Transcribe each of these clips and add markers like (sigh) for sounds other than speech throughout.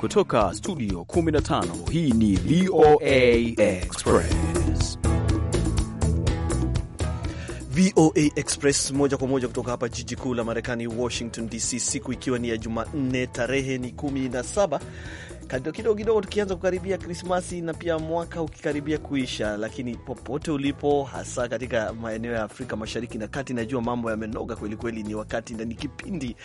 Kutoka studio 15 hii ni VOA Express. VOA Express moja kwa moja kutoka hapa jiji kuu la Marekani, Washington DC, siku ikiwa ni ya Jumanne, tarehe ni 17 kidogo kidogo tukianza kukaribia Krismasi na pia mwaka ukikaribia kuisha, lakini popote ulipo, hasa katika maeneo ya Afrika Mashariki na Kati, najua mambo yamenoga kwelikweli. Ni wakati na ni kipindi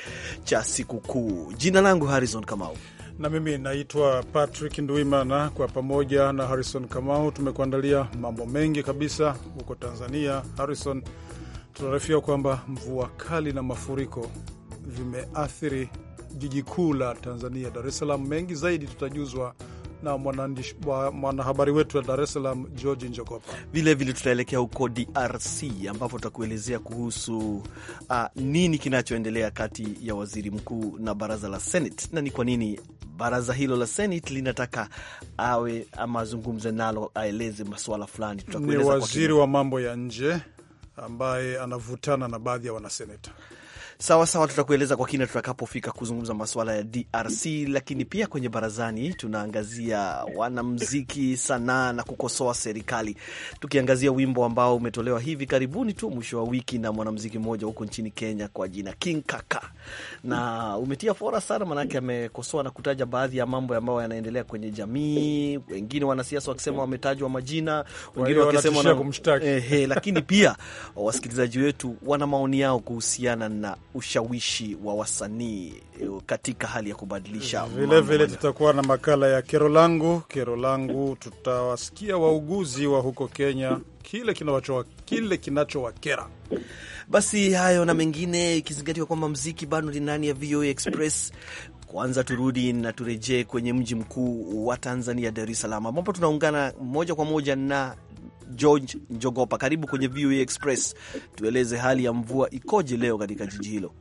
cha sikukuu. Jina langu Harrison Kamau na mimi naitwa Patrick Nduimana. Kwa pamoja na Harrison Kamau tumekuandalia mambo mengi kabisa. Huko Tanzania, Harrison, tunaarifia kwamba mvua kali na mafuriko vimeathiri jiji kuu la Tanzania, Dar es Salaam. Mengi zaidi tutajuzwa na mwanahabari wetu wa Dar es Salaam George Njokopa. Vilevile tutaelekea huko DRC ambapo tutakuelezea kuhusu uh, nini kinachoendelea kati ya waziri mkuu na baraza la Senate na ni kwa nini baraza hilo la Senate linataka awe ama azungumze nalo, aeleze masuala fulani. ni waziri wa mambo ya nje ambaye anavutana na baadhi ya wanaseneta Sawa sawa, tutakueleza kwa kina tutakapofika kuzungumza masuala ya DRC, lakini pia kwenye barazani tunaangazia wanamziki, sanaa na kukosoa serikali, tukiangazia wimbo ambao umetolewa hivi karibuni tu mwisho wa wiki na mwanamziki mmoja huko nchini Kenya kwa jina King Kaka, na umetia fora sana, maanake amekosoa na kutaja baadhi ya mambo ambayo yanaendelea kwenye jamii, wengine wanasiasa wakisema wametajwa majina, wengine wakisema na... eh, lakini pia wasikilizaji wetu wana maoni yao kuhusiana na ushawishi wa wasanii eh, katika hali ya kubadilisha. Vilevile tutakuwa na makala ya kero langu, kero langu, tutawasikia wauguzi wa huko Kenya kile kinachowakera kinacho. Basi hayo na mengine, ikizingatiwa kwamba mziki bado ni ndani ya VOA Express. Kwanza turudi na turejee kwenye mji mkuu wa Tanzania, Dar es Salaam, ambapo tunaungana moja kwa moja na George Njogopa. Karibu kwenye VOA e Express, tueleze hali ya mvua ikoje leo katika jiji hilo?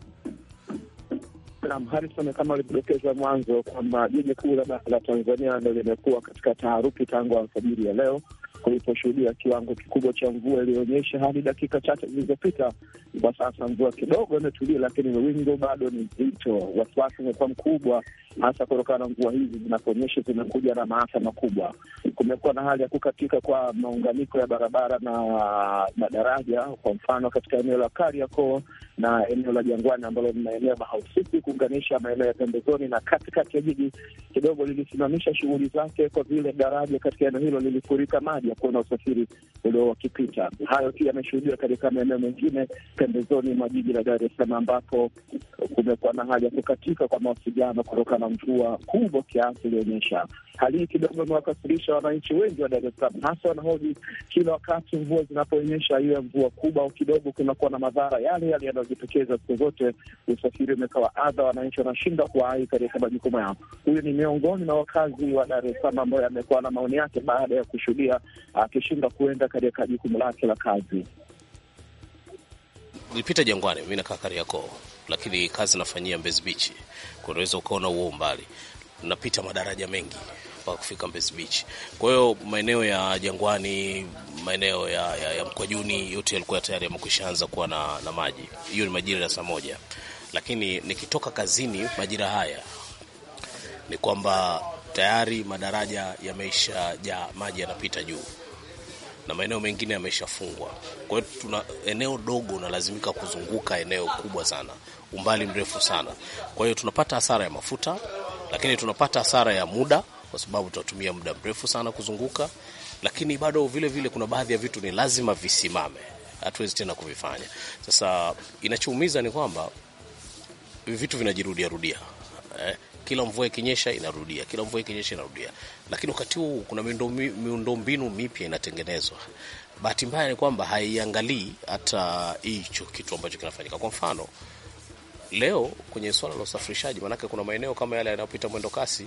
Naam, Harison, kama alivyodokeza mwanzo kwamba jiji kuu la Tanzania ndo limekuwa katika taharuki tangu alfajiri ya leo kuliposhuhudia kiwango kikubwa cha mvua iliyoonyesha hadi dakika chache zilizopita. Kwa sasa mvua kidogo imetulia, lakini wingo bado ni zito. Wasiwasi umekuwa mkubwa, hasa kutokana na mvua hizi zinapoonyesha zimekuja na maafa makubwa. Kumekuwa na hali ya kukatika kwa maunganiko ya barabara na madaraja, kwa mfano katika eneo la Kariakoo na eneo la Jangwani ambalo ni maeneo mahususi kuunganisha maeneo ya pembezoni na katikati ya jiji, kidogo lilisimamisha shughuli zake kwa vile daraja katika eneo hilo lilifurika maji ya kuona usafiri ulio wakipita. Hayo pia yameshuhudiwa katika maeneo mengine pembezoni mwa jiji la Dar es Salaam, ambapo kumekuwa na hali ya kukatika kwa mawasiliano kutokana na mvua kubwa kiasi ilionyesha. Hali hii kidogo imewakasirisha wananchi wengi wa Dar es Salaam, hasa wanahoji kila wakati mvua zinapoonyesha, iwe mvua kubwa au kidogo, kunakuwa na madhara yale yale yanayojitokeza siku zote. Usafiri umekawa adha, wananchi wanashindwa kuwahi katika majukumu yao. Huyu ni miongoni mwa wakazi wa Dar es Salaam ambayo amekuwa na maoni yake baada ya kushuhudia akishindwa kuenda katika jukumu lake la kazi. Nilipita Jangwani, mi nakaa Kariakoo, lakini kazi nafanyia Mbezi Beach. Unaweza ukaona huo umbali, napita madaraja mengi mpaka kufika Mbezi Beach. Kwa hiyo maeneo ya Jangwani, maeneo ya, ya, ya Mkwajuni yote yalikuwa tayari yamekwishaanza kuwa na, na maji. Hiyo ni majira ya saa moja, lakini nikitoka kazini majira haya ni kwamba tayari madaraja yameisha yameishajaa maji yanapita juu na maeneo mengine yameshafungwa. Kwa hiyo tuna eneo dogo, unalazimika kuzunguka eneo kubwa sana, umbali mrefu sana. Kwa hiyo tunapata hasara ya mafuta, lakini tunapata hasara ya muda, kwa sababu tunatumia muda mrefu sana kuzunguka. Lakini bado vile vile kuna baadhi ya vitu ni lazima visimame, hatuwezi tena kuvifanya. Sasa inachoumiza ni kwamba vitu vinajirudiarudia eh? kila mvua ikinyesha inarudia, kila mvua ikinyesha inarudia. Lakini wakati huu kuna miundombinu mipya inatengenezwa. Bahati mbaya ni kwamba haiangalii hata hicho kitu ambacho kinafanyika. Kwa mfano leo kwenye swala la usafirishaji, maanake kuna maeneo kama yale yanayopita mwendo kasi,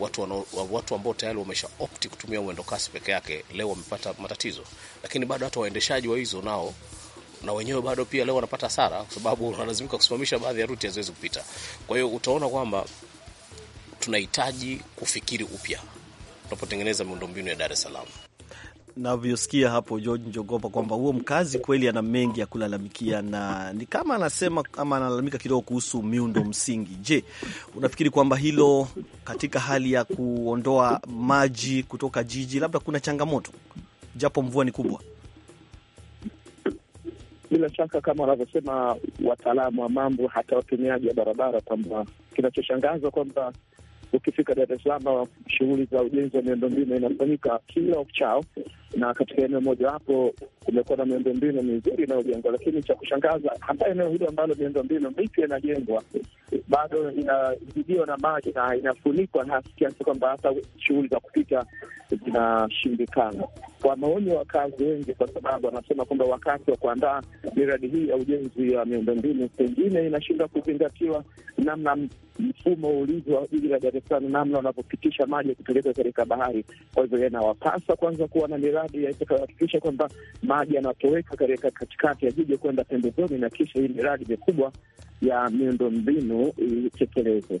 watu watu ambao tayari wamesha opti kutumia mwendo kasi peke yake leo wamepata matatizo, lakini bado hata waendeshaji wa hizo nao na wenyewe bado pia leo wanapata hasara, kwa sababu (laughs) wanalazimika kusimamisha baadhi ya ruti haziwezi kupita. Kwa hiyo utaona kwamba tunahitaji kufikiri upya tunapotengeneza miundombinu ya Dar es Salaam. Navyosikia hapo George Njogopa kwamba huo mkazi kweli ana mengi ya kulalamikia, na ni kama anasema ama analalamika kidogo kuhusu miundo msingi. Je, unafikiri kwamba hilo katika hali ya kuondoa maji kutoka jiji labda kuna changamoto, japo mvua ni kubwa? Bila shaka kama wanavyosema wataalamu wa mambo, hata watumiaji wa barabara, kwamba kinachoshangaza kwamba ukifika Dar es Salaam, shughuli za ujenzi wa miundombinu inafanyika kila uchao, na katika eneo mojawapo kumekuwa na miundombinu mizuri inayojengwa, lakini cha kushangaza, hata eneo hilo ambalo miundombinu mipya inajengwa bado inazidiwa na maji na inafunikwa na kiasi kwamba hata shughuli za kupita zinashindikana, kwa maoni ya wakazi wengi, kwa sababu wanasema kwamba wakati wa kuandaa miradi hii ya ujenzi wa miundombinu pengine inashindwa kuzingatiwa namna mfumo ulivyo wa jiji la Dar es Salaam, namna wanavyopitisha maji kupeleka katika bahari. Kwa hivyo, yanawapasa kwanza kuwa na miradi miradi itakayohakikisha kwamba maji yanatoweka katika katikati ya jiji kwenda pembezoni, na kisha hii miradi mikubwa ya miundo mbinu itekelezwe.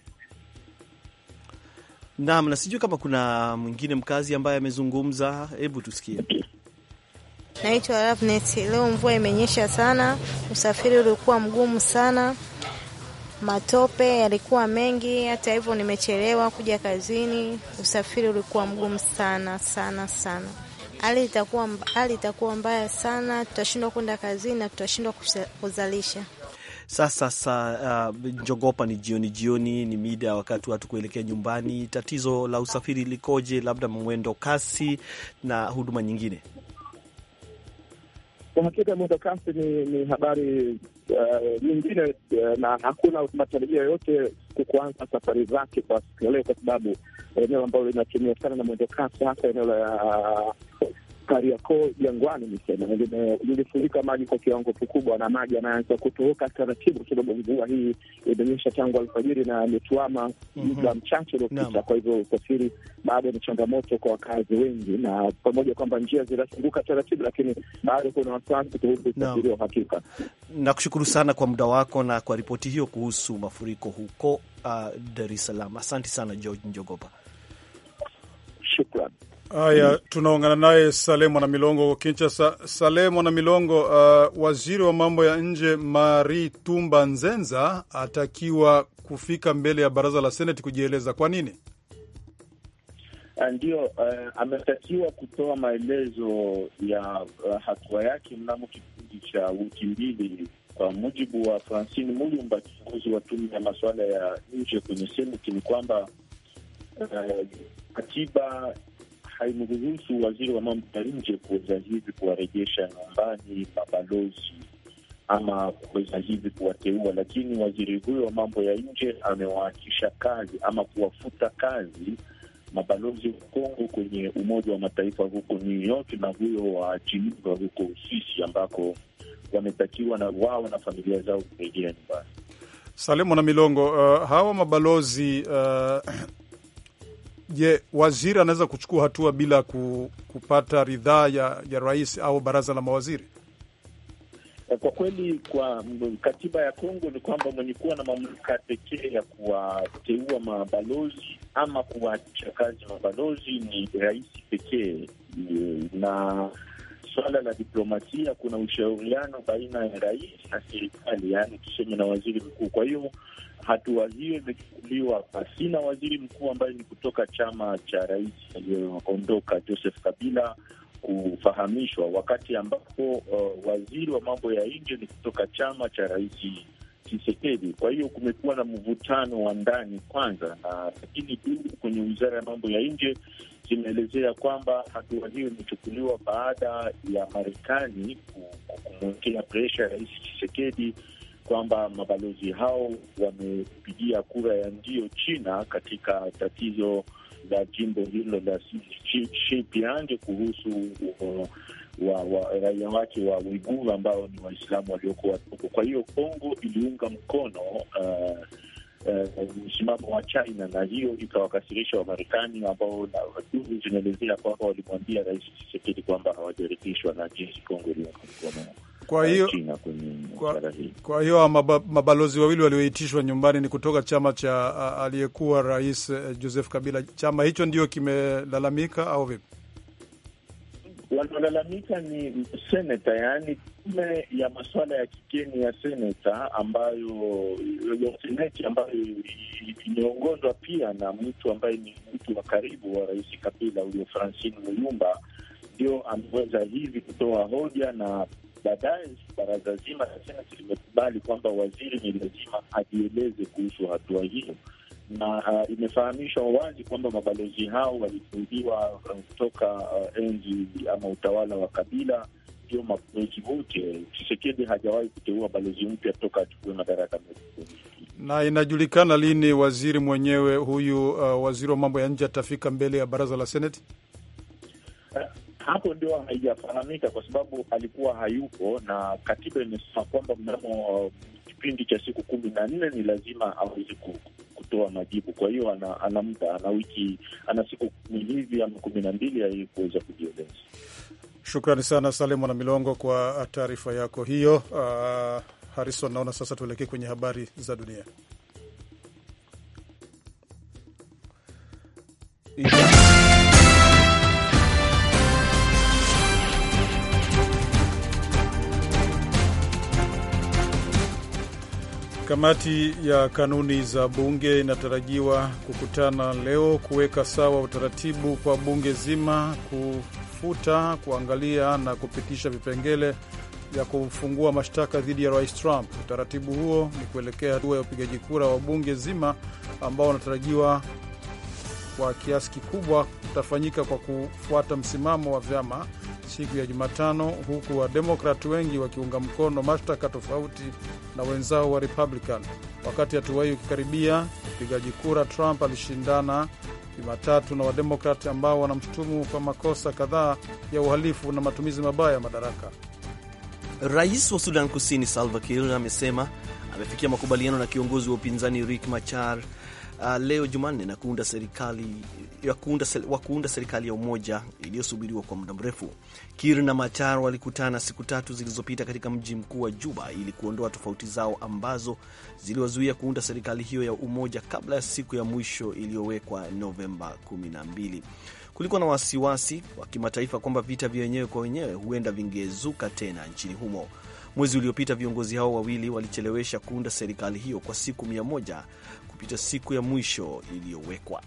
Naam, na sijui kama kuna mwingine mkazi ambaye amezungumza, hebu tusikie. Naitwa Ravnet. Leo mvua imenyesha sana, usafiri ulikuwa mgumu sana, matope yalikuwa mengi. Hata hivyo nimechelewa kuja kazini, usafiri ulikuwa mgumu sana sana sana hali itakuwa hali itakuwa mbaya sana, tutashindwa kwenda kazini na tutashindwa kuzalisha. Sasa sa, uh, njogopa ni jioni jioni, ni mida ya wakati watu kuelekea nyumbani. Tatizo la usafiri likoje? Labda mwendo kasi na huduma nyingine. Kwa hakika mwendo kasi ni, ni habari uh, nyingine uh, na hakuna matarajio yoyote kuanza safari zake kwa siku ya leo, kwa sababu eneo ambalo linatumia sana na mwendo kasi hasa eneo la uh, Kariakoo Jangwani, nisema lilifurika maji kwa kiwango kikubwa, na maji yanaanza kutoroka taratibu, kwa sababu mvua hii imenyesha tangu alfajiri na ametuama muda mhm. mchache uliopita. Kwa hivyo usafiri bado ni changamoto kwa wakazi wengi, na pamoja kwamba njia zinafunguka taratibu, lakini bado kuna wasiwasi kuhusu usafiri wa uhakika. Nakushukuru sana kwa muda wako na kwa ripoti hiyo kuhusu mafuriko huko uh, Dar es Salaam. Asante sana George Njogopa, shukran. Haya, tunaungana naye Saleh milongo kinchasa Saleh milongo uh, waziri wa mambo ya nje Mari Tumba Nzenza atakiwa kufika mbele ya baraza la Seneti kujieleza. Kwa nini? Uh, Ndiyo, uh, ametakiwa kutoa maelezo ya uh, hatua yake mnamo kipindi cha wiki mbili, kwa mujibu wa Francine Mulumba, kiongozi wa tume ya masuala ya nje kwenye Seneti, ni kwamba uh, katiba haimruhusu waziri wa mambo ya nje kuweza hivi kuwarejesha nyumbani mabalozi ama kuweza hivi kuwateua, lakini waziri huyo wa mambo ya nje amewaachisha kazi ama kuwafuta kazi mabalozi wa Kongo kwenye Umoja wa Mataifa huko New York na huyo wa Geneva huko Uswisi, ambako wametakiwa na wao na familia zao kurejea nyumbani. salimu na Milongo, uh, hawa mabalozi uh, (clears throat) Je, waziri anaweza kuchukua hatua bila ku, kupata ridhaa ya, ya rais au baraza la mawaziri? Eh, kwa kweli kwa katiba ya Kongo ni kwamba mwenye kuwa na mamlaka pekee ya kuwateua mabalozi ama kuwaachisha kazi mabalozi ni rais pekee, na swala la diplomasia, kuna ushauriano baina ya rais na serikali, yaani tuseme na waziri mkuu. Kwa hiyo hatua hiyo imechukuliwa pasina waziri mkuu ambaye ni kutoka chama cha rais aliyoondoka Joseph Kabila kufahamishwa, wakati ambapo uh, waziri wa mambo ya nje ni kutoka chama cha rais chisekedi Kwa hiyo kumekuwa na mvutano wa ndani kwanza, na lakini duu kwenye wizara ya mambo ya nje zimeelezea kwamba hatua hiyo imechukuliwa baada ya Marekani kumwekea presha Rais chisekedi kwamba mabalozi hao wamepigia kura ya ndio China katika tatizo la jimbo hilo la Xinjiang kuhusu uh, wa, wa, raia wake wa Uighur ambao ni Waislamu walioko huko. Kwa hiyo Kongo iliunga mkono uh, msimamo uh, wa China na hiyo ikawakasirisha Wamarekani ambao duru zinaelezea kwamba walimwambia Rais Tshisekedi kwamba hawajaridhishwa na jinsi Kongo iliunga mkono kwa hiyo kwa, kwa hiyo mabalozi wawili walioitishwa nyumbani ni kutoka chama cha aliyekuwa rais eh, Joseph Kabila. Chama hicho ndio kimelalamika au vipi? wanaolalamika ni seneta, yaani tume ya masuala ya kigeni ya seneta ambayo ya seneti ambayo imeongozwa pia na mtu ambaye ni mtu wa karibu wa Rais Kabila, huyo Francine Muyumba, ndio ameweza hivi kutoa hoja na baadaye baraza zima la seneti limekubali kwamba waziri ni lazima ajieleze kuhusu hatua hiyo na uh, imefahamishwa wazi kwamba mabalozi hao walifungiwa uh, kutoka uh, enzi ama utawala wa Kabila, ndio mabalozi wote. Chisekedi hajawahi kuteua balozi mpya toka achukue madaraka. Na inajulikana lini waziri mwenyewe huyu, uh, waziri wa mambo ya nje atafika mbele ya baraza la seneti? uh, hapo ndio haijafahamika kwa sababu alikuwa hayupo, na katiba imesema kwamba mnamo uh, kipindi cha siku kumi na nne ni lazima aweze kutoa majibu. Kwa hiyo ana, ana muda, ana wiki, ana siku kumi hivi ama kumi na mbili ai kuweza kujieleza. Shukrani sana Saleh na Milongo kwa taarifa yako hiyo. Uh, ah, Harison, naona sasa tuelekee kwenye habari za dunia. Kamati ya kanuni za bunge inatarajiwa kukutana leo kuweka sawa utaratibu kwa bunge zima kufuta, kuangalia na kupitisha vipengele vya kufungua mashtaka dhidi ya Rais Trump. Utaratibu huo ni kuelekea hatua ya upigaji kura wa bunge zima ambao wanatarajiwa kwa kiasi kikubwa utafanyika kwa kufuata msimamo wa vyama siku ya Jumatano, huku wademokrat wengi wakiunga mkono mashtaka tofauti na wenzao wa Republican. Wakati hatua hiyo ikikaribia mpigaji kura, Trump alishindana Jumatatu na wademokrat ambao wanamshutumu kwa makosa kadhaa ya uhalifu na matumizi mabaya ya madaraka. Rais wa Sudan Kusini Salva Kiir amesema amefikia makubaliano na kiongozi wa upinzani Riek Machar uh, leo Jumanne na kuunda serikali ya kuunda, wa kuunda serikali ya umoja iliyosubiriwa kwa muda mrefu. Kiir na Machar walikutana siku tatu zilizopita katika mji mkuu wa Juba ili kuondoa tofauti zao ambazo ziliwazuia kuunda serikali hiyo ya umoja kabla ya siku ya mwisho iliyowekwa Novemba 12. Kulikuwa na wasiwasi wa kimataifa kwamba vita vya wenyewe kwa wenyewe huenda vingezuka tena nchini humo. Mwezi uliopita viongozi hao wawili walichelewesha kuunda serikali hiyo kwa siku mia moja kupita siku ya mwisho iliyowekwa.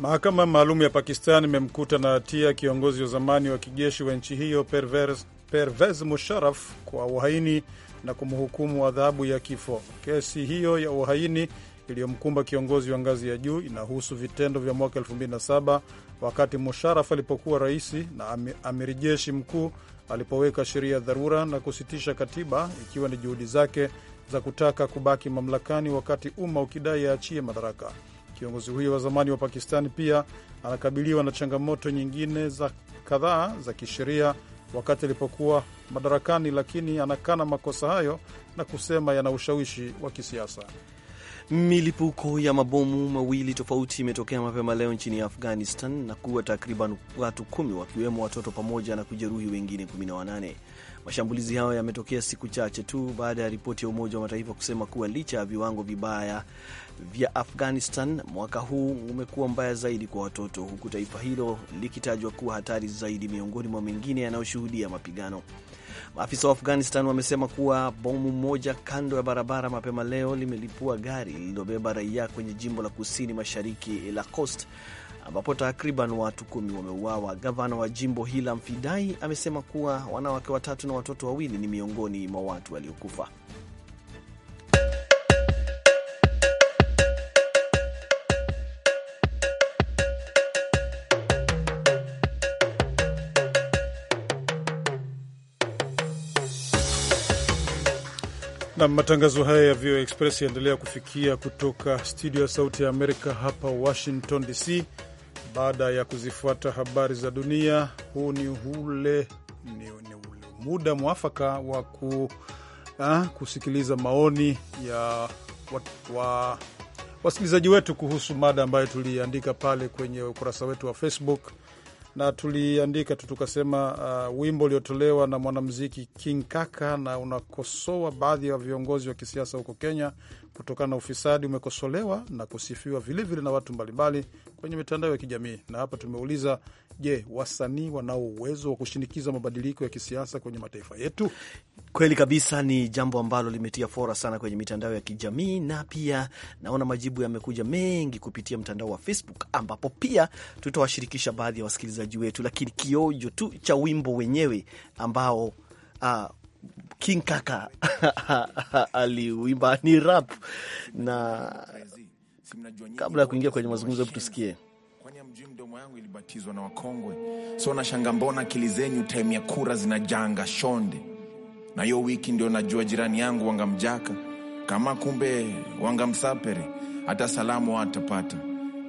Mahakama maalum ya Pakistan imemkuta na hatia kiongozi wa zamani wa kijeshi wa nchi hiyo Pervez, Pervez Musharraf kwa uhaini na kumhukumu adhabu ya kifo. Kesi hiyo ya uhaini iliyomkumba kiongozi wa ngazi ya juu inahusu vitendo vya mwaka 2007 wakati Musharaf alipokuwa rais na amiri jeshi mkuu alipoweka sheria ya dharura na kusitisha katiba ikiwa ni juhudi zake za kutaka kubaki mamlakani wakati umma ukidai aachie madaraka. Kiongozi huyo wa zamani wa Pakistani pia anakabiliwa na changamoto nyingine za kadhaa za kisheria wakati alipokuwa madarakani, lakini anakana makosa hayo na kusema yana ushawishi wa kisiasa. Milipuko ya mabomu mawili tofauti imetokea mapema leo nchini Afghanistan na kuwa takriban watu kumi wakiwemo watoto pamoja na kujeruhi wengine 18. Mashambulizi hayo yametokea siku chache tu baada ya ripoti ya Umoja wa Mataifa kusema kuwa licha ya viwango vibaya vya Afghanistan, mwaka huu umekuwa mbaya zaidi kwa watoto, huku taifa hilo likitajwa kuwa hatari zaidi miongoni mwa mengine yanayoshuhudia mapigano. Maafisa wa Afghanistan wamesema kuwa bomu moja kando ya barabara mapema leo limelipua gari lililobeba raia kwenye jimbo la kusini mashariki la Khost ambapo takriban watu kumi wameuawa. Gavana wa jimbo Hilam Fidai amesema kuwa wanawake watatu na watoto wawili ni miongoni mwa watu waliokufa. na matangazo haya ya VOA Express yaendelea kufikia kutoka studio ya Sauti ya Amerika hapa Washington DC. Baada ya kuzifuata habari za dunia, huu ni ule ni, ni ule muda mwafaka wa ku, eh, kusikiliza maoni ya wa, wa, wasikilizaji wetu kuhusu mada ambayo tuliandika pale kwenye ukurasa wetu wa Facebook na tuliandika tu tukasema, uh, wimbo uliotolewa na mwanamuziki King Kaka na unakosoa baadhi ya viongozi wa kisiasa huko Kenya kutokana na ufisadi, umekosolewa na kusifiwa vilevile vile na watu mbalimbali kwenye mitandao ya kijamii. Na hapa tumeuliza, je, wasanii wanao uwezo wa kushinikiza mabadiliko ya kisiasa kwenye mataifa yetu? Kweli kabisa, ni jambo ambalo limetia fora sana kwenye mitandao ya kijamii, na pia naona majibu yamekuja mengi kupitia mtandao wa Facebook, ambapo pia tutawashirikisha baadhi ya wasikilizaji wetu, lakini kiojo tu cha wimbo wenyewe ambao uh, King Kaka (laughs) aliwimba ni rap, na kabla ya kuingia kwenye mazungumzo, hebu tusikie mdomo yangu ilibatizwa na wakongwe, so na shanga, mbona akili zenyu time ya kura zinajanga shonde na hiyo wiki ndio najua jirani yangu wangamjaka kama kumbe wangamsapere, hata salamu hatapata.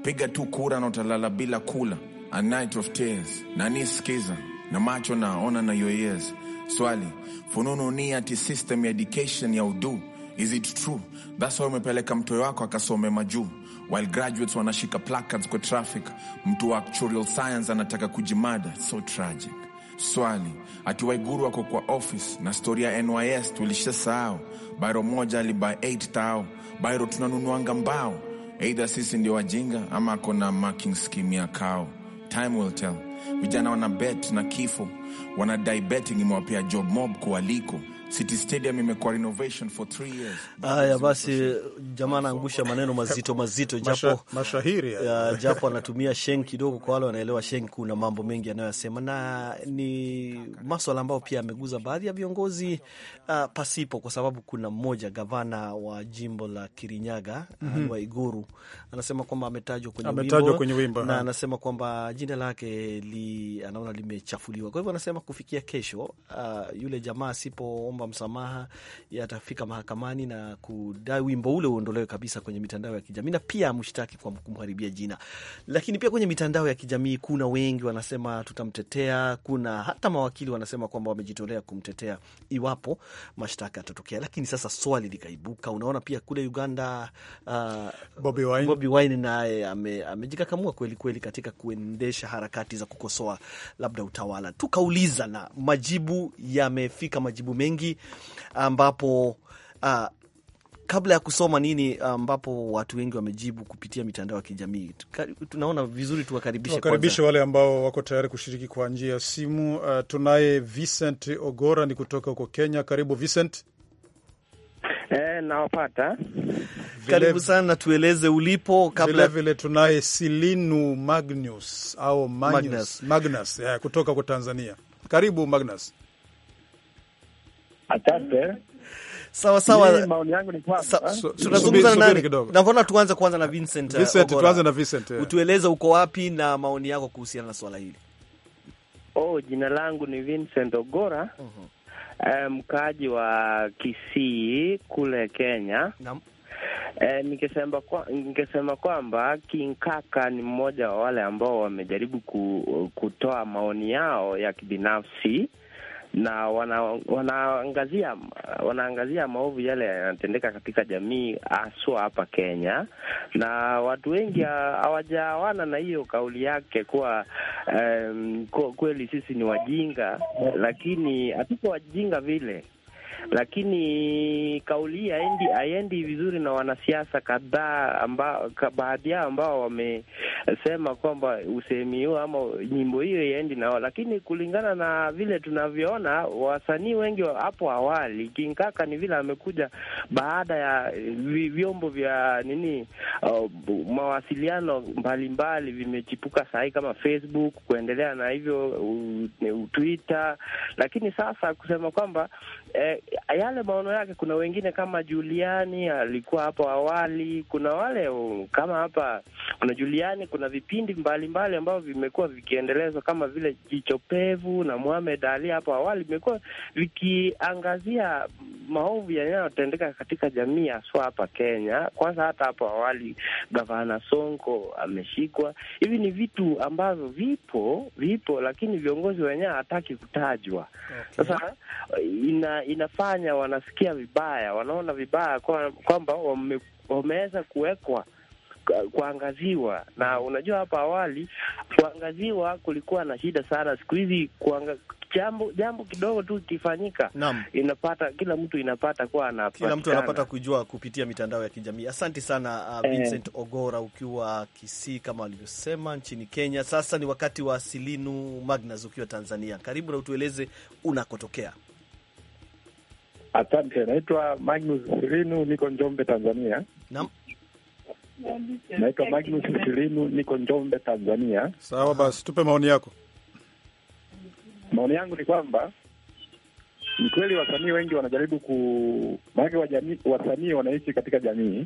Piga tu kura na utalala bila kula. A night of tears, na nisikiza na macho naona na yoyeza. Swali fununu ni ati system ya education ya udu Is it true? That's why umepeleka mtoyo wako akasome majuu, while graduates wanashika placards kwa traffic. Mtu wa actuarial science anataka kujimada, so tragic swali ati Waiguru wako kwa office na stori ya NYS tulisha sahau. Bairo moja aliba 8 tao bairo tunanunuanga mbao, eidha sisi ndio wajinga ama na marking scheme ya kao. Time will tell. Vijana wana bet na kifo, wana dai betting imewapea job mob kualiko City Stadium imekuwa renovation for three years. Haya basi, jamaa anaangusha maneno mazito mazito, japo mashahiri ya, japo anatumia shen kidogo. Kwa wale wanaelewa shen, kuna mambo mengi anayosema na ni maswala ambayo pia ameguza baadhi ya viongozi uh, pasipo, kwa sababu kuna mmoja gavana wa jimbo la Kirinyaga mm -hmm. Waiguru anasema kwamba ametajwa kwenye ametajwa kwenye wimbo na ha. anasema kwamba jina lake li, anaona limechafuliwa. Kwa hivyo anasema kufikia kesho, uh, yule jamaa asipo kuomba msamaha, yatafika mahakamani na kudai wimbo ule uondolewe kabisa kwenye mitandao ya kijamii, na pia amshtaki kwa kumharibia jina. Lakini pia kwenye mitandao ya kijamii kuna wengi wanasema tutamtetea, kuna hata mawakili wanasema kwamba wamejitolea kumtetea iwapo mashtaka yatatokea. Lakini sasa swali likaibuka, unaona pia kule Uganda uh, Bobby Wine, Bobby Wine naye amejikakamua ame kweli kweli katika kuendesha harakati za kukosoa labda utawala. Tukauliza na majibu yamefika, majibu mengi ambapo uh, kabla ya kusoma nini, ambapo watu wengi wamejibu kupitia mitandao ya kijamii, tunaona vizuri tuwakaribishe, tuwakaribishe wale ambao wako tayari kushiriki kwa njia ya simu. Uh, tunaye Vincent Ogora ni kutoka huko Kenya. Karibu Vincent. Eh, nawapata. Karibu sana, tueleze ulipo kabla... vile vile tunaye Silinu Magnus au Magnus, Magnus. Magnus. Yeah, kutoka kwa Tanzania. Karibu Magnus. Asante. Sawa sawa. Maoni yangu ni kwamba tunazungumza nani? Naona tuanze kwanza na Vincent. Vincent, tuanze na Vincent. Yeah. Utueleze uko wapi na maoni yako kuhusiana na swala hili. Oh, jina langu ni Vincent Ogora. Uh mhm. eh, -huh. Mkaaji um, wa Kisii kule Kenya. Naam. E, nikisema kwa, nikisema kwamba Kinkaka ni mmoja wa wale ambao wamejaribu ku, kutoa maoni yao ya kibinafsi na wana, wanaangazia wanaangazia maovu yale yanatendeka katika jamii haswa hapa Kenya, na watu wengi hawajawana na hiyo kauli yake kuwa um, kweli sisi ni wajinga, lakini hatuko wajinga vile lakini kauli hii haiendi vizuri na wanasiasa kadhaa, baadhi yao ambao wamesema kwamba usemi huo ama nyimbo hiyo iendi nao, lakini kulingana na vile tunavyoona wasanii wengi hapo awali, kinkaka ni vile amekuja baada ya vyombo vya nini, uh, mawasiliano mbalimbali vimechipuka sahii kama Facebook kuendelea na hivyo uh, Twitter, lakini sasa kusema kwamba eh, yale maono yake. Kuna wengine kama Juliani alikuwa hapo awali, kuna wale um, kama hapa kuna Juliani, kuna vipindi mbalimbali ambavyo vimekuwa vikiendelezwa kama vile Jicho Pevu na Muhamed Ali hapo awali, vimekuwa vikiangazia maovu yanayotendeka katika jamii haswa hapa Kenya. Kwanza hata hapo awali Gavana Sonko ameshikwa. Hivi ni vitu ambavyo vipo vipo, lakini viongozi wenyewe hataki kutajwa. Sasa okay. ina inafanya wanasikia vibaya, wanaona vibaya kwamba kwa wameweza kuwekwa kuangaziwa na unajua, hapa awali kuangaziwa kulikuwa na shida sana. Siku hizi kuanga... jambo jambo kidogo tu ikifanyika, inapata kila mtu inapata kuwa anapatikana, kila mtu anapata kujua kupitia mitandao ya kijamii. Asante sana uh, eh. Vincent eh, Ogora ukiwa Kisii kama walivyosema nchini Kenya. Sasa ni wakati wa Silinu Magnus ukiwa Tanzania, karibu na utueleze unakotokea. Asante, naitwa Magnus Sirinu, niko Njombe, Tanzania. Naam, naitwa Magnus Sirinu, niko Njombe, Tanzania. Sawa basi, tupe maoni yako. Maoni yangu ni kwamba ni kweli wasanii wengi wanajaribu ku, maanake wasanii wanaishi katika jamii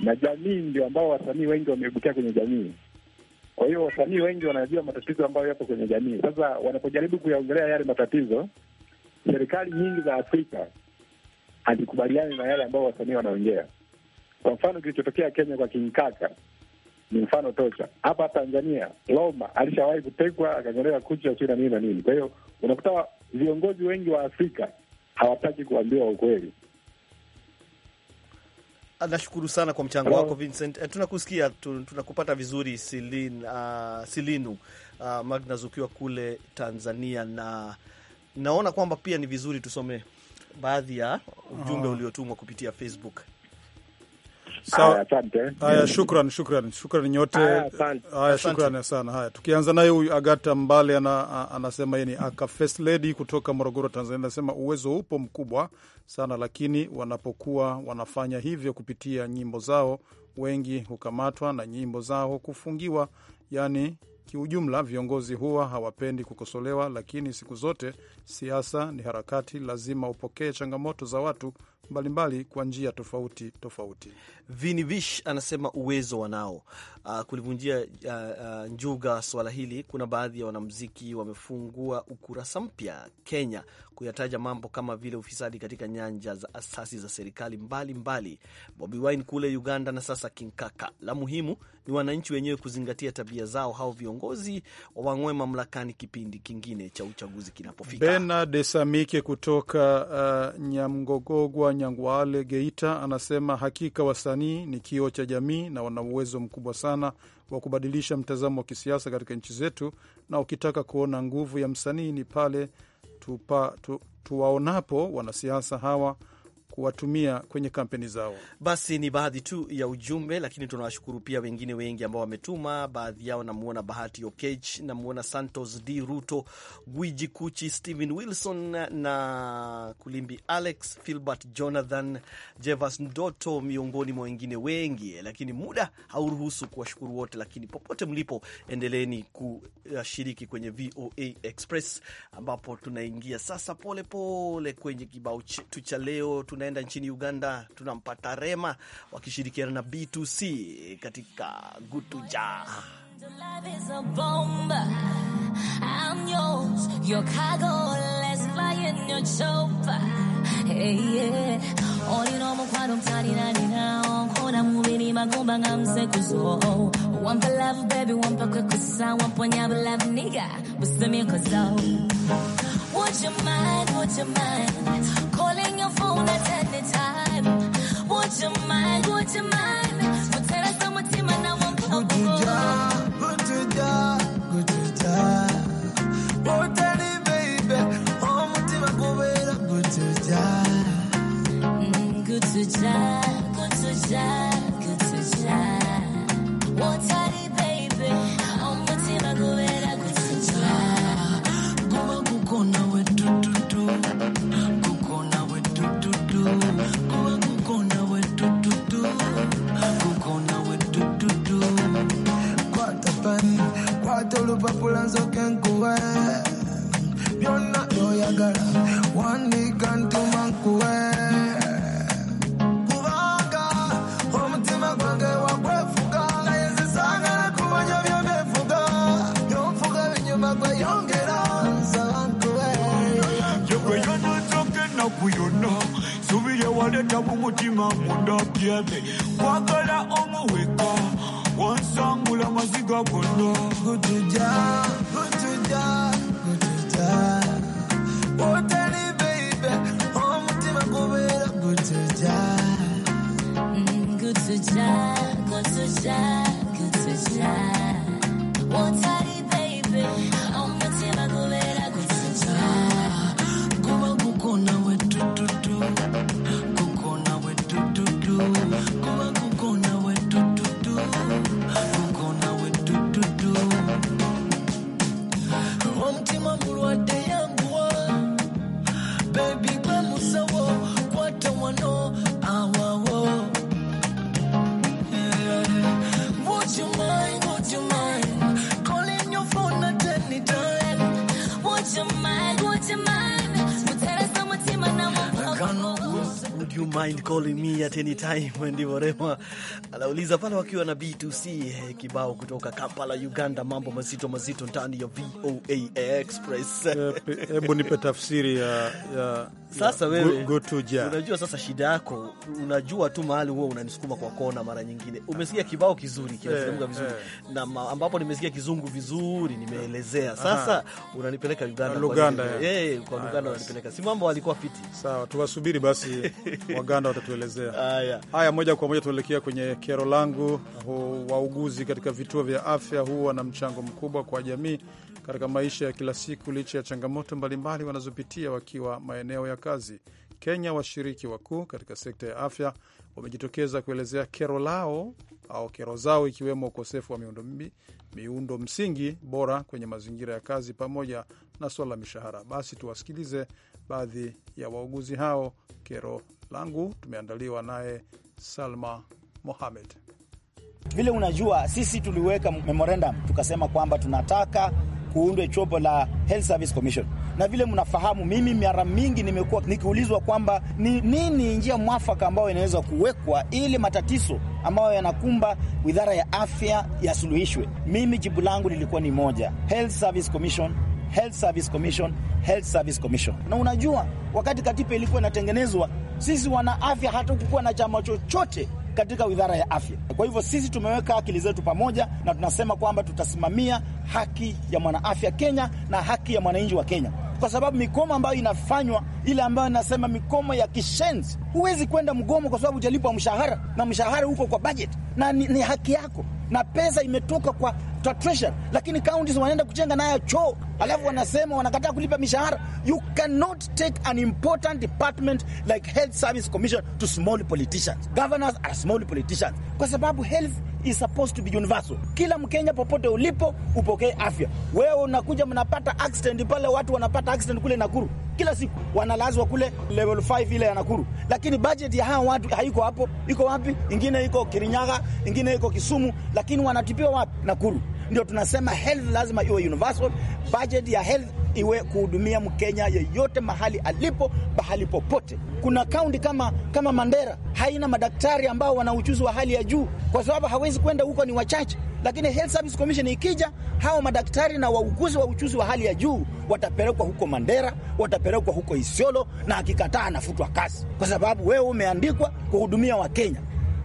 na jamii ndio ambao wasanii wengi wameibukia kwenye jamii. Kwa hiyo wasanii wengi wanajua matatizo ambayo yapo kwenye jamii. Sasa wanapojaribu kuyaongelea yale matatizo serikali nyingi za Afrika hazikubaliani na yale ambayo wasanii wanaongea. Kwa mfano kilichotokea Kenya kwa Kinkaka ni mfano tosha. Hapa Tanzania Loma alishawahi kutekwa akanyolewa kucha si na nini na nini. Kwa hiyo unakuta viongozi wengi wa Afrika hawataki kuambiwa ukweli. Nashukuru sana kwa mchango wako Vincent, eh, tunakusikia tunakupata vizuri. Silin, uh, Silinu uh, Magnus ukiwa kule Tanzania na naona kwamba pia ni vizuri tusome baadhi ya ujumbe uh ah. -huh. uliotumwa kupitia Facebook. Sawa, haya, shukran, shukran, shukran nyote. Haya, shukran sana. Haya, tukianza naye huyu Agata Mbale ana, anasema yeye ni aka first lady kutoka Morogoro, Tanzania. Anasema uwezo upo mkubwa sana, lakini wanapokuwa wanafanya hivyo kupitia nyimbo zao, wengi hukamatwa na nyimbo zao kufungiwa, yani Kiujumla, viongozi huwa hawapendi kukosolewa, lakini siku zote siasa ni harakati, lazima upokee changamoto za watu mbalimbali kwa njia tofauti tofauti. Vinivish anasema uwezo wanao, uh, kulivunjia uh, uh, njuga swala hili. Kuna baadhi ya wanamziki wamefungua ukurasa mpya Kenya kuyataja mambo kama vile ufisadi katika nyanja za asasi za serikali mbalimbali, Bobi Wine kule Uganda na sasa kinkaka La muhimu ni wananchi wenyewe kuzingatia tabia zao, hao viongozi wawang'oe mamlakani kipindi kingine cha uchaguzi kinapofika. Bena kutoka uh, Nyamgogogwa Nyangwale Geita anasema hakika wasanii ni kio cha jamii na wana uwezo mkubwa sana wa kubadilisha mtazamo wa kisiasa katika nchi zetu, na ukitaka kuona nguvu ya msanii ni pale tupa, tu, tuwaonapo wanasiasa hawa kuwatumia kwenye kampeni zao. Basi ni baadhi tu ya ujumbe, lakini tunawashukuru pia wengine wengi ambao wametuma. Baadhi yao namwona Bahati Okech, namwona Santos D Ruto, Gwiji Kuchi, Stephen Wilson na Kulimbi Alex, Filbert Jonathan, Jevas Ndoto, miongoni mwa wengine wengi, lakini muda hauruhusu kuwashukuru wote. Lakini popote mlipo, endeleni kushiriki kwenye VOA Express ambapo tunaingia sasa polepole pole kwenye kibao chetu cha leo tunaenda nchini Uganda, tunampata Rema wakishirikiana na B2C katika Gutuja. Would you mind, would you mind calling your phone at any time? Would you mind, would you mind? Kutera mm, to tima na to kukuja baby, anytime, (laughs) ndivyo Rema anauliza pale wakiwa na B2C eh, kibao kutoka Kampala, Uganda. Mambo mazito mazito ndani ya VOA Express. Hebu nipe tafsiri ya, ya sasa ya, wewe gotuja. Unajua sasa shida yako, unajua tu mahali huo unanisukuma kwa kona. Mara nyingine umesikia kibao kizuri kinasemwa eh, vizuri eh. na ambapo nimesikia kizungu vizuri nimeelezea. Sasa Aha, unanipeleka Uganda, kwa yeah. Hey, kwa Uganda unanipeleka, si mambo walikuwa fiti. Sawa, tuwasubiri basi (laughs) Waganda watatuelezea haya haya moja kwa moja tuelekea kwenye K Kero langu wauguzi katika vituo vya afya huwa na mchango mkubwa kwa jamii katika maisha ya kila siku, licha ya changamoto mbalimbali wanazopitia wakiwa maeneo ya kazi. Kenya, washiriki wakuu katika sekta ya afya wamejitokeza kuelezea kero lao au kero zao, ikiwemo ukosefu wa miundo, miundo msingi bora kwenye mazingira ya kazi pamoja na swala la mishahara. Basi tuwasikilize baadhi ya wauguzi hao. Kero langu tumeandaliwa naye Salma Mohamed. Vile unajua, sisi tuliweka memorandum tukasema kwamba tunataka kuundwe chopo la Health Service Commission, na vile mnafahamu, mimi mara mingi nimekuwa nikiulizwa kwamba ni nini njia mwafaka ambayo inaweza kuwekwa ili matatizo ambayo yanakumba Wizara ya Afya yasuluhishwe. Mimi jibu langu lilikuwa ni moja, Health Service Commission, Health Service Commission, Health Service Commission. Na unajua wakati katiba ilikuwa inatengenezwa, sisi wana afya hatukukuwa na chama chochote katika wizara ya afya. Kwa hivyo sisi tumeweka akili zetu pamoja na tunasema kwamba tutasimamia haki ya mwanaafya Kenya na haki ya mwananchi wa Kenya, kwa sababu mikomo ambayo inafanywa ile ambayo inasema mikomo ya kishenzi, huwezi kwenda mgomo kwa sababu hujalipwa mshahara na mshahara uko kwa bajeti na ni, ni haki yako na pesa imetoka kwa treasure, lakini counties wanaenda kujenga nayo choo, alafu wanasema wanakataa kulipa mishahara. You cannot take an important department like health service commission to small politicians. Governors are small politicians, kwa sababu health is supposed to be universal. Kila Mkenya popote ulipo upokee afya. Wewe unakuja mnapata accident pale, watu wanapata accident kule Nakuru kila siku wanalazwa kule level 5 ile ya Nakuru, lakini budget ya hawa watu haiko hapo. Iko wapi? Ingine iko Kirinyaga, ingine iko Kisumu, lakini wanatipiwa wapi? Nakuru. Ndio tunasema health lazima iwe universal. Budget ya health iwe kuhudumia Mkenya yeyote mahali alipo, pahali popote. Kuna kaunti kama, kama Mandera haina madaktari ambao wana ujuzi wa hali ya juu, kwa sababu hawezi kwenda huko, ni wachache. Lakini Health Service Commission ikija, hao madaktari na wauguzi wa ujuzi wa hali ya juu watapelekwa huko Mandera, watapelekwa huko Isiolo, na akikataa anafutwa kazi, kwa sababu wewe umeandikwa kuhudumia Wakenya.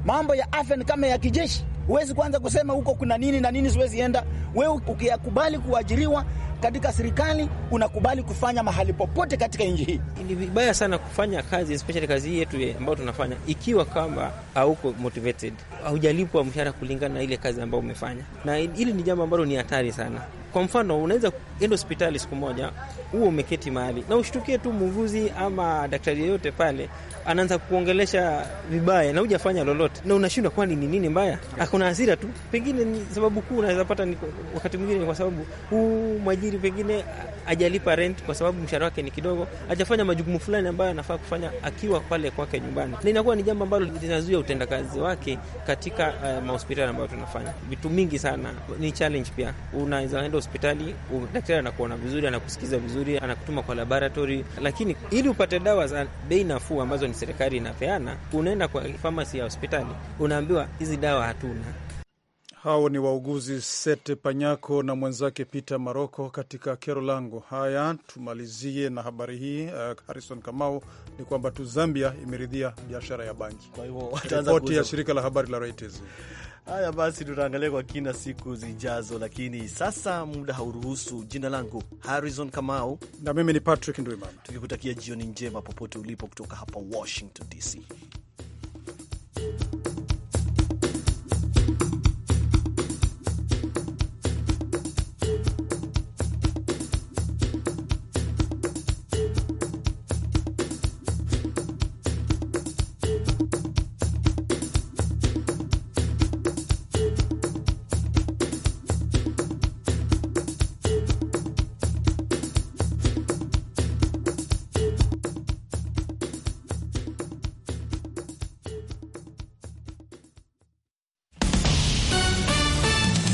Mambo ya afya ni kama ya kijeshi. Huwezi kwanza kusema huko kuna nini na nini siwezi enda. Wewe ukiyakubali kuajiriwa katika serikali unakubali kufanya mahali popote katika nchi hii. Ni vibaya sana kufanya kazi, especially kazi hii yetu ambayo tunafanya, ikiwa kama hauko motivated, haujalipwa mshahara kulingana na ile kazi ambayo umefanya, na hili ni jambo ambalo ni hatari sana. Kwa mfano, unaweza enda hospitali siku moja, huo umeketi mahali na ushtukie tu muuguzi ama daktari yeyote pale anaanza kuongelesha vibaya na hujafanya lolote, na unashindwa, kwani ni nini mbaya? Akuna hasira tu, pengine ni sababu kuu unaweza pata, wakati mwingine ni kwa sababu huu mwaji mhadhiri pengine ajalipa rent kwa sababu mshahara wake ni kidogo, ajafanya majukumu fulani ambayo anafaa kufanya akiwa pale kwake nyumbani, na inakuwa ni jambo ambalo linazuia utendakazi wake katika uh, mahospitali ambayo tunafanya vitu mingi sana. Ni challenge pia, unaweza enda hospitali, daktari anakuona vizuri, anakusikiza vizuri, anakutuma kwa laboratory, lakini ili upate dawa za bei nafuu ambazo ni serikali inapeana, unaenda kwa famasi ya hospitali, unaambiwa hizi dawa hatuna hao ni wauguzi Sete Panyako na mwenzake Peter Maroko katika kero langu. Haya, tumalizie na habari hii. Uh, Harrison Kamau, ni kwamba tu Zambia imeridhia biashara ya bangi, ripoti ya shirika la habari la Reuters. Haya basi, tutaangalia kwa kina siku zijazo, lakini sasa muda hauruhusu. Jina langu Harrison Kamau na mimi ni Patrick Ndwimana, tukikutakia jioni njema popote ulipo kutoka hapa Washington DC.